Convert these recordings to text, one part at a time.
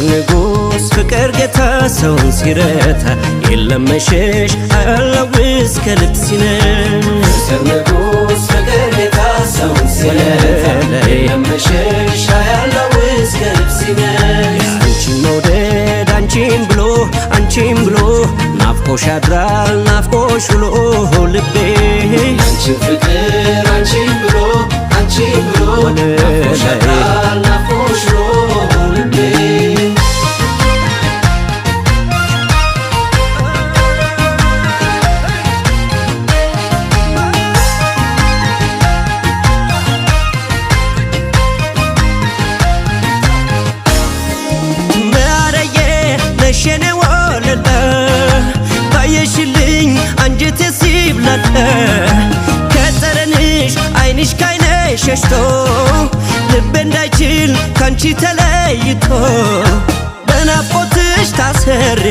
ፍቅር ንጉስ ፍቅር ጌታ ሰውን ሲረታ የለም መሸሽ አላዊስ ከልብ ሲነሽ ፍቅር ንጉስ ፍቅር ጌታ አንቺን መውደድ አንቺን ብሎ አንቺን ብሎ ናፍቆሽ አድራል ናፍቆሽ ውሎ ልቤ አንቺን ፍቅር አንቺን ብሎ አንቺን ብሎ ናፍቆሽ አድራል ከጠረንሽ አይንሽ ካይነሽ ሸሽቶ ልብ እንዳይችል ካንቺ ተለይቶ በናፍቆትሽ ታሰሬ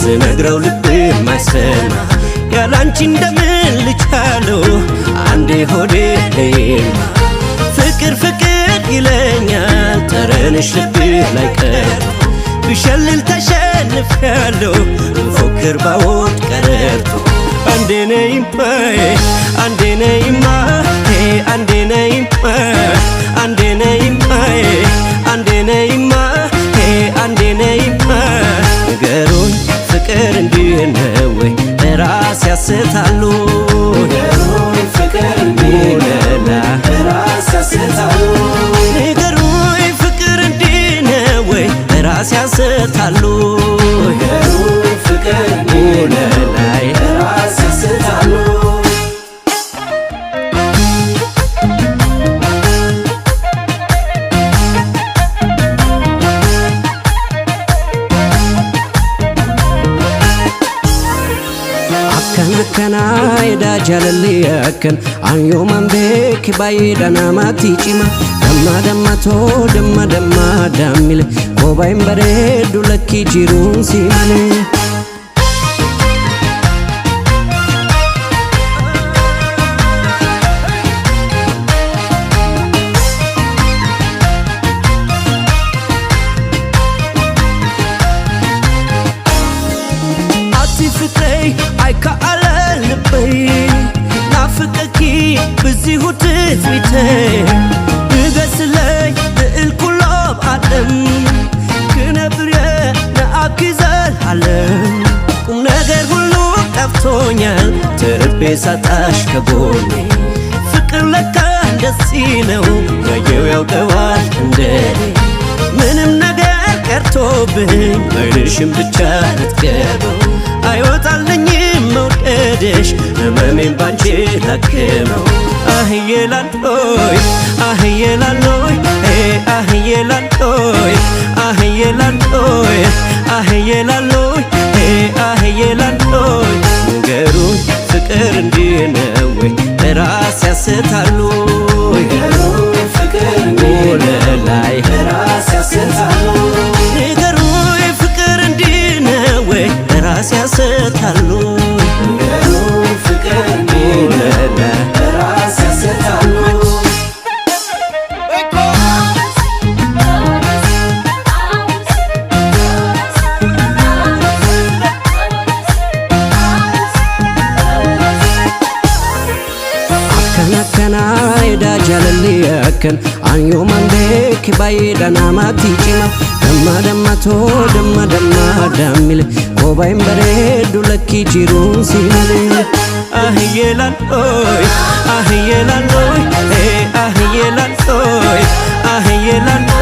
ስነግረው ልብ ማይሰማ ያላንቺ እንደምን ልቻለው አንዴ ሆዴ ይማ ፍቅር ፍቅር ይለኛል ጠረንሽ ልብ ላይ ቀር ብሸልል ተሸንፍ ያለው ፎክር ባዎ አንዴ ነይም አንዴ ነይማ አንዴ ነይም አንዴ ነይም አንዴ ነይማ አንዴ ነይም ነገሩን ፍቅር እንዲህ ነው ወይ ራስ ያስታሉ ነገሩ ፍቅር ነው jaalallee akkan aanyoman beeki baay'eedha namatti cima dammaa dammatoo damma dammaa daammile kophaa hin bareeddu lakkii jiruun si malee. ትሁት ትሚቼ ንገስለይ ልእል ኩሎም ዓለም ክነብር ንኣብ ኪዘልሃለም ቁም ነገር ሁሉ ጠፍቶኛል ትርቤ ጣሽ ከጎኔ ፍቅር ለካ እንደሲ ነው ያየው ያውቀዋል እንደ ምንም ነገር ቀርቶብኝ በይልሽም ብቻ እትገበው አይወጣልኝም መውደድሽ ህመሜን ባንቺ ላክመው አህዬ ላልቶይ አህዬ ላልቶይ አህዬ ላልቶይ አህዬ ላልቶይ አህዬ ላልቶይ አህዬ ላልቶይ ነገሩ ፍቅር እንዲህ ነው ወይ ራስ ያስታሉ kan anyoman beek baay'eedha namatti cima damma dammatoo damma damma dammile kophaa hin bareeddu lakkii jiruun si malee. ahiye lan ơi ahiye lan ơi ahiye lan ơi ahiye lan ơi